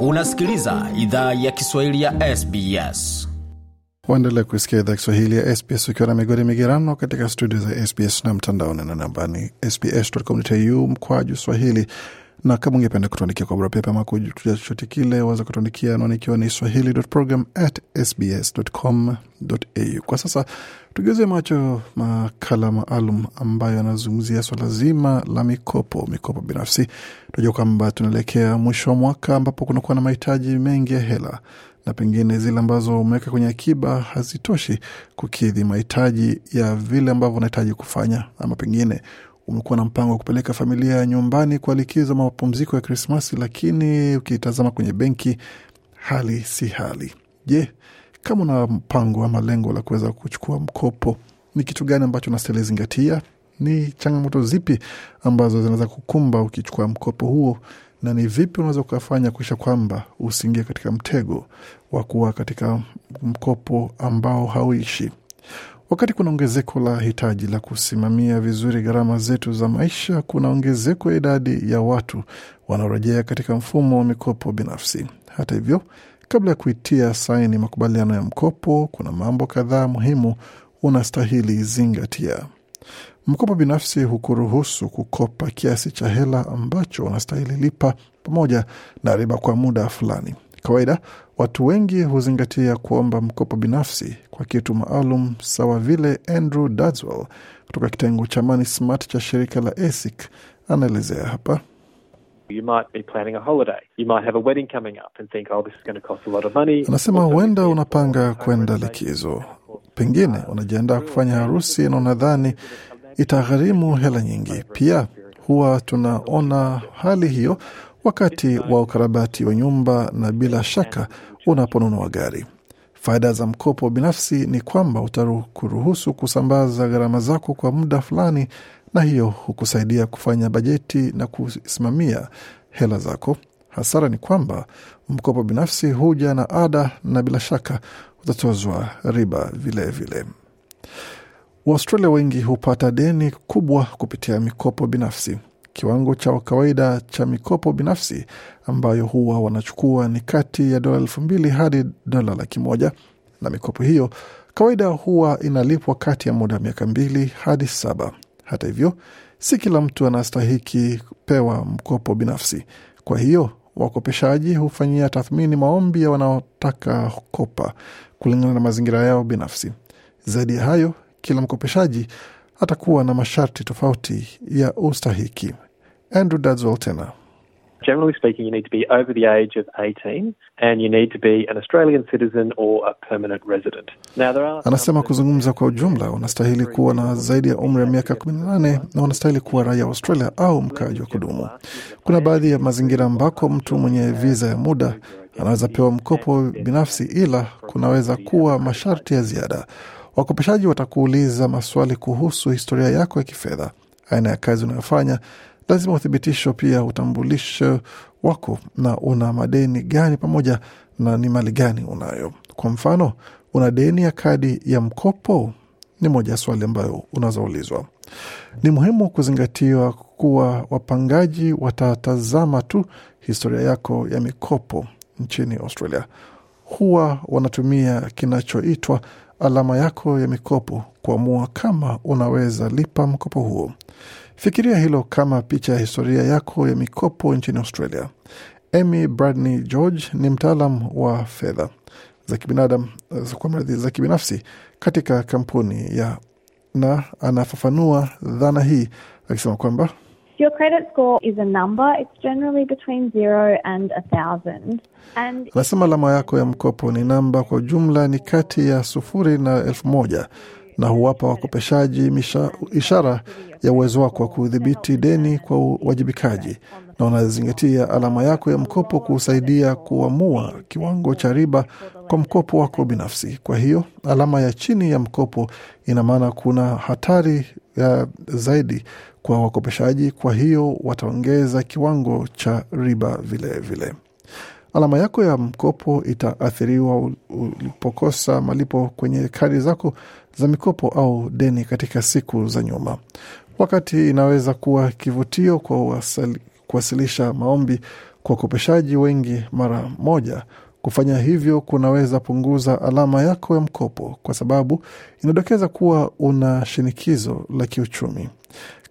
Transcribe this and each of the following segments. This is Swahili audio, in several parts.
Unasikiliza idhaa ya Kiswahili ya SBS. Waendelea kuisikia idhaa Kiswahili ya SBS ukiwa na migodi migerano katika studio za SBS na mtandaoni na nambani sbs.com.au mkwaju swahili na kama ungependa kutuandikia kwa barua pepe ama chochote kile, waweza kutuandikia anwani ikiwa ni swahili.program@sbs.com.au. Kwa sasa tugeuze macho makala maalum ambayo yanazungumzia swala so zima la mikopo, mikopo binafsi. Tunajua kwamba tunaelekea mwisho wa mwaka ambapo kunakuwa na mahitaji mengi ya hela na pengine zile ambazo umeweka kwenye akiba hazitoshi kukidhi mahitaji ya vile ambavyo unahitaji kufanya, ama pengine umekuwa na mpango wa kupeleka familia nyumbani kwa likizo mapumziko ya Krismasi, lakini ukitazama kwenye benki hali si hali. Je, kama una mpango ama lengo la kuweza kuchukua mkopo, ni kitu gani ambacho unastahili zingatia? Ni changamoto zipi ambazo zinaweza kukumba ukichukua mkopo huo, na ni vipi unaweza ukafanya kuisha kwamba usiingie katika mtego wa kuwa katika mkopo ambao hauishi? Wakati kuna ongezeko la hitaji la kusimamia vizuri gharama zetu za maisha, kuna ongezeko ya idadi ya watu wanaorejea katika mfumo wa mikopo binafsi. Hata hivyo, kabla ya kuitia saini makubaliano ya mkopo, kuna mambo kadhaa muhimu unastahili zingatia. Mkopo binafsi hukuruhusu kukopa kiasi cha hela ambacho unastahili lipa pamoja na riba kwa muda fulani. Kawaida Watu wengi huzingatia kuomba mkopo binafsi kwa kitu maalum, sawa vile Andrew Dadswell kutoka kitengo cha Money Smart cha shirika la ASIC anaelezea hapa. Oh, Anasema huenda unapanga kwenda likizo, pengine unajiandaa kufanya harusi na unadhani itagharimu hela nyingi. Pia huwa tunaona hali hiyo wakati wa ukarabati wa nyumba na bila shaka unaponunua gari. Faida za mkopo binafsi ni kwamba utakuruhusu kusambaza gharama zako kwa muda fulani, na hiyo hukusaidia kufanya bajeti na kusimamia hela zako. Hasara ni kwamba mkopo binafsi huja na ada na bila shaka utatozwa riba vilevile vile. Waustralia wengi hupata deni kubwa kupitia mikopo binafsi. Kiwango cha kawaida cha mikopo binafsi ambayo huwa wanachukua ni kati ya dola elfu mbili hadi dola laki moja na mikopo hiyo kawaida huwa inalipwa kati ya muda wa miaka mbili hadi saba. Hata hivyo, si kila mtu anastahiki pewa mkopo binafsi. Kwa hiyo wakopeshaji hufanyia tathmini maombi ya wanaotaka kopa kulingana na mazingira yao binafsi. Zaidi ya hayo, kila mkopeshaji atakuwa na masharti tofauti ya ustahiki. Andrew Dadswell tena Generally speaking, you need to be over the age of 18 and you need to be an Australian citizen or a permanent resident. Now, there are... Anasema kuzungumza kwa ujumla, unastahili kuwa na zaidi ya umri wa miaka 18 na unastahili kuwa raia wa Australia au mkaaji wa kudumu. Kuna baadhi ya mazingira ambako mtu mwenye viza ya muda anaweza pewa mkopo binafsi, ila kunaweza kuwa masharti ya ziada. Wakopeshaji watakuuliza maswali kuhusu historia yako ya kifedha, aina ya kazi unayofanya lazima uthibitisho pia utambulisho wako na una madeni gani pamoja na ni mali gani unayo. Kwa mfano, una deni ya kadi ya mkopo? Ni moja ya swali ambayo unazoulizwa. Ni muhimu kuzingatiwa kuwa wapangaji watatazama tu historia yako ya mikopo nchini Australia. Huwa wanatumia kinachoitwa alama yako ya mikopo kuamua kama unaweza lipa mkopo huo. Fikiria hilo kama picha ya historia yako ya mikopo nchini Australia. Amy Bradney George ni mtaalam wa fedha za kibinadam kwa mradhi za kibinafsi katika kampuni ya na anafafanua dhana hii akisema kwamba Your credit score is a number. It's generally between zero and a thousand. And nasema alama yako ya mkopo ni namba, kwa jumla ni kati ya sufuri na elfu moja na huwapa wakopeshaji ishara ya uwezo wako wa kudhibiti deni kwa uwajibikaji, na wanazingatia alama yako ya mkopo kusaidia kuamua kiwango cha riba kwa mkopo wako binafsi. Kwa hiyo alama ya chini ya mkopo ina maana kuna hatari ya zaidi kwa wakopeshaji, kwa hiyo wataongeza kiwango cha riba vilevile vile. Alama yako ya mkopo itaathiriwa ulipokosa malipo kwenye kadi zako za mikopo au deni katika siku za nyuma. Wakati inaweza kuwa kivutio kwa kuwasilisha maombi kwa wakopeshaji wengi mara moja, Kufanya hivyo kunaweza punguza alama yako ya mkopo kwa sababu inadokeza kuwa una shinikizo la kiuchumi.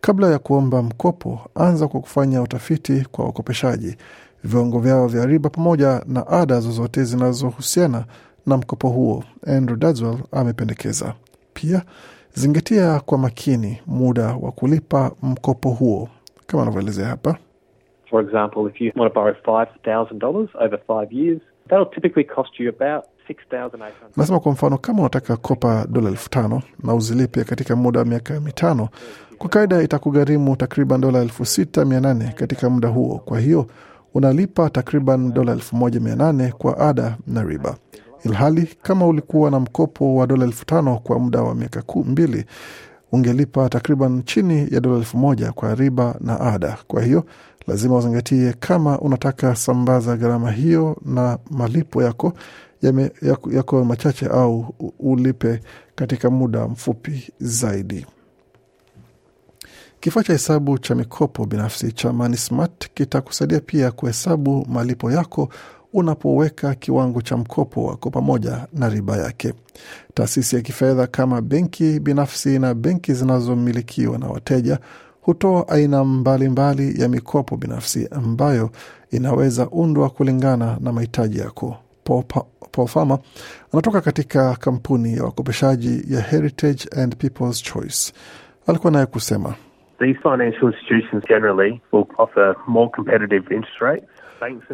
Kabla ya kuomba mkopo, anza kwa kufanya utafiti kwa wakopeshaji, viwango vyao vya riba pamoja na ada zozote zinazohusiana na mkopo huo, Andrew Dadswell amependekeza. Pia zingatia kwa makini muda wa kulipa mkopo huo kama anavyoelezea hapa. For example, if you want to borrow $5,000 over five years, Nasema kwa mfano, kama unataka kopa dola elfu tano na uzilipe katika muda wa miaka mitano, kwa kawaida itakugharimu takriban dola elfu sita mia nane katika muda huo. Kwa hiyo unalipa takriban dola elfu moja mia nane kwa ada na riba, ilhali kama ulikuwa na mkopo wa dola elfu tano kwa muda wa miaka mbili ungelipa takriban chini ya dola elfu moja kwa riba na ada. Kwa hiyo lazima uzingatie kama unataka sambaza gharama hiyo na malipo yako yame, yako, yako machache au ulipe katika muda mfupi zaidi. Kifaa cha hesabu cha mikopo binafsi cha MoneySmart kitakusaidia pia kuhesabu malipo yako unapoweka kiwango cha mkopo wako pamoja na riba yake. Taasisi ya kifedha kama benki binafsi na benki zinazomilikiwa na wateja hutoa aina mbalimbali mbali ya mikopo binafsi ambayo inaweza undwa kulingana na mahitaji yako. Pofama anatoka katika kampuni ya wakopeshaji ya Heritage and People's Choice. Alikuwa naye kusema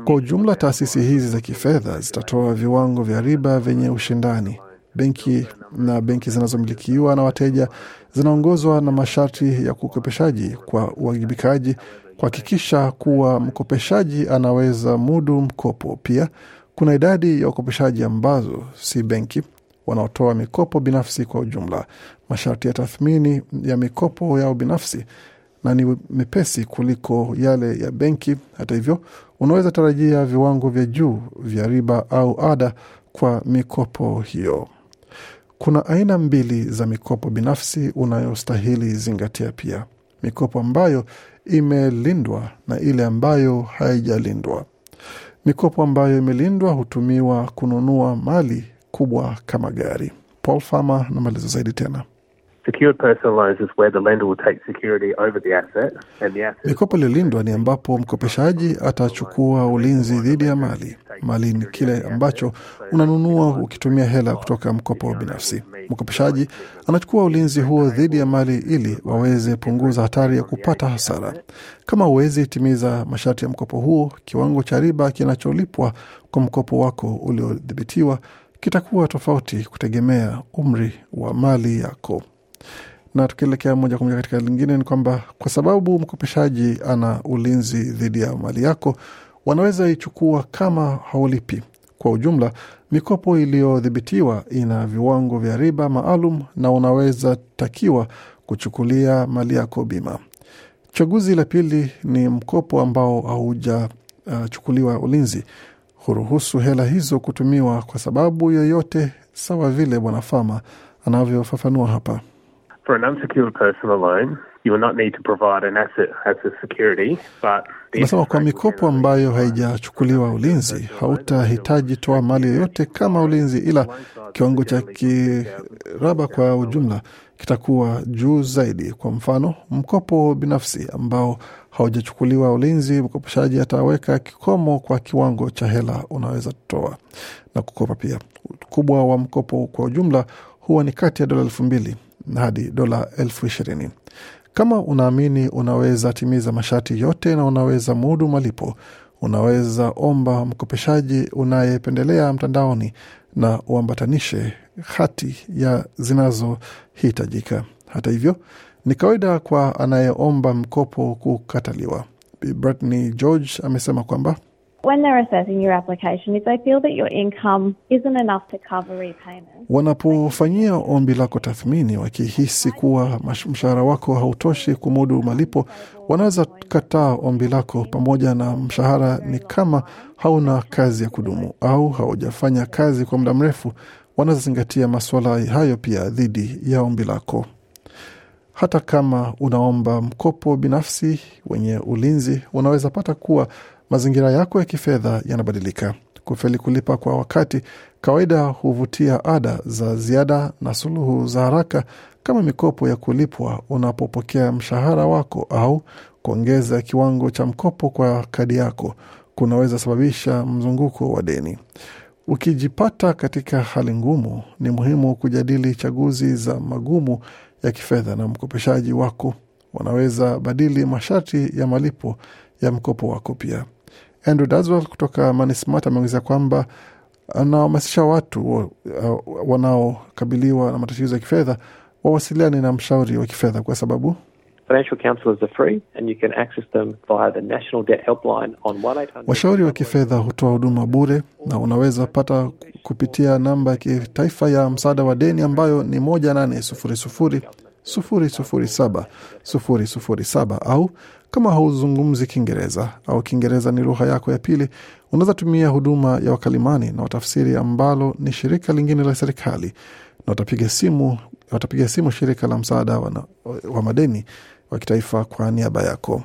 kwa ujumla, taasisi hizi za kifedha zitatoa viwango vya riba vyenye ushindani benki na benki zinazomilikiwa na wateja zinaongozwa na masharti ya kukopeshaji kwa uwajibikaji kuhakikisha kuwa mkopeshaji anaweza mudu mkopo. Pia kuna idadi ya ukopeshaji ambazo si benki wanaotoa mikopo binafsi kwa ujumla. Masharti ya tathmini ya mikopo yao binafsi na ni mepesi kuliko yale ya benki. Hata hivyo, unaweza tarajia viwango vya juu vya riba au ada kwa mikopo hiyo. Kuna aina mbili za mikopo binafsi unayostahili zingatia pia: mikopo ambayo imelindwa na ile ambayo haijalindwa. Mikopo ambayo imelindwa hutumiwa kununua mali kubwa kama gari. Paul Farmer na maelezo zaidi tena Mikopo iliyolindwa ni ambapo mkopeshaji atachukua ulinzi dhidi ya mali. Mali ni kile ambacho unanunua ukitumia hela kutoka mkopo binafsi. Mkopeshaji anachukua ulinzi huo dhidi ya mali ili waweze punguza hatari ya kupata hasara. Kama huwezi timiza masharti ya mkopo huo, kiwango cha riba kinacholipwa kwa mkopo wako uliodhibitiwa kitakuwa tofauti kutegemea umri wa mali yako. Na tukielekea moja kwa moja katika lingine, ni kwamba kwa sababu mkopeshaji ana ulinzi dhidi ya mali yako, wanaweza ichukua kama haulipi. Kwa ujumla, mikopo iliyodhibitiwa ina viwango vya riba maalum na unaweza takiwa kuchukulia mali yako bima. Chaguzi la pili ni mkopo ambao haujachukuliwa uh, ulinzi. Huruhusu hela hizo kutumiwa kwa sababu yoyote, sawa vile Bwana Fama anavyofafanua hapa. For an unsecured personal loan, you will not need to provide an asset as a security, but Nasema kwa mikopo ambayo haijachukuliwa ulinzi hautahitaji toa mali yoyote kama ulinzi, ila kiwango cha kiraba kwa ujumla kitakuwa juu zaidi. Kwa mfano, mkopo binafsi ambao haujachukuliwa ulinzi, mkopeshaji ataweka kikomo kwa kiwango cha hela unaweza toa na kukopa. Pia ukubwa wa mkopo kwa ujumla huwa ni kati ya dola elfu mbili hadi dola elfu ishirini. Kama unaamini unaweza timiza masharti yote na unaweza mudu malipo, unaweza omba mkopeshaji unayependelea mtandaoni na uambatanishe hati ya zinazohitajika. Hata hivyo, ni kawaida kwa anayeomba mkopo kukataliwa. Brittany George amesema kwamba Wanapofanyia ombi lako tathmini, wakihisi kuwa mshahara wako hautoshi kumudu malipo, wanaweza kataa ombi lako pamoja na mshahara, ni kama hauna kazi ya kudumu au haujafanya kazi kwa muda mrefu. Wanazingatia masuala hayo pia dhidi ya ombi lako. Hata kama unaomba mkopo binafsi wenye ulinzi, unaweza pata kuwa mazingira yako ya kifedha yanabadilika. Kufeli kulipa kwa wakati kawaida huvutia ada za ziada na suluhu za haraka kama mikopo ya kulipwa unapopokea mshahara wako au kuongeza kiwango cha mkopo kwa kadi yako kunaweza sababisha mzunguko wa deni. Ukijipata katika hali ngumu, ni muhimu kujadili chaguzi za magumu ya kifedha na mkopeshaji wako. Wanaweza badili masharti ya malipo ya mkopo wako pia. Andrew Daswell kutoka Manisport ameongezea kwamba anahamasisha watu uh, wanaokabiliwa na matatizo ya kifedha wawasiliane na mshauri wa kifedha kwa sababu washauri wa kifedha hutoa huduma bure na unaweza pata kupitia namba ya kitaifa ya msaada wa deni ambayo ni moja nane sufuri sufuri 007 au kama hauzungumzi Kiingereza au Kiingereza ni lugha yako ya pili, unaweza tumia huduma ya wakalimani na watafsiri ambalo ni shirika lingine la serikali, na watapiga simu, watapiga simu shirika la msaada wa, wa madeni wa kitaifa kwa niaba yako.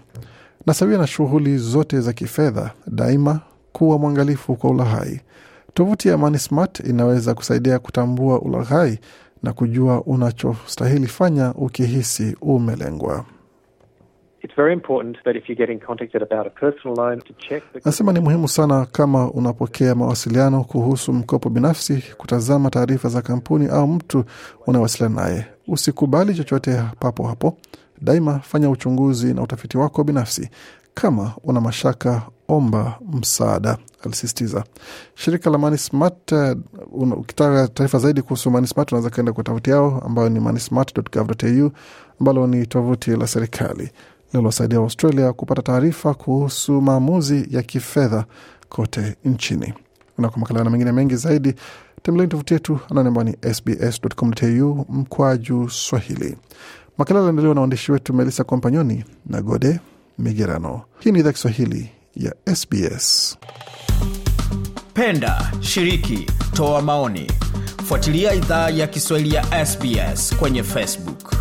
Na sawia na shughuli zote za kifedha, daima kuwa mwangalifu kwa ulaghai. Tovuti ya Amani Smart inaweza kusaidia kutambua ulaghai na kujua unachostahili fanya ukihisi umelengwa. Anasema ni muhimu sana kama unapokea mawasiliano kuhusu mkopo binafsi, kutazama taarifa za kampuni au mtu unawasiliana naye. Usikubali chochote papo hapo. Daima fanya uchunguzi na utafiti wako binafsi kama una mashaka, omba msaada, alisisitiza. Shirika la Manismart, uh, ukitaka taarifa zaidi kuhusu Manismart unaweza kaenda kwa tovuti yao ambayo ni manismart.gov.au ambalo ni tovuti la serikali linalosaidia Australia kupata taarifa kuhusu maamuzi ya kifedha kote nchini. Na kwa makala na mengine mengi zaidi tembeleni tovuti yetu anani ambao ni sbs.com.au mkwaju Swahili. Makala yaliandaliwa na waandishi wetu Melissa Kompanyoni na Gode Migerano. Hii ni idhaa Kiswahili ya SBS. Penda, shiriki, toa maoni, fuatilia idhaa ya Kiswahili ya SBS kwenye Facebook.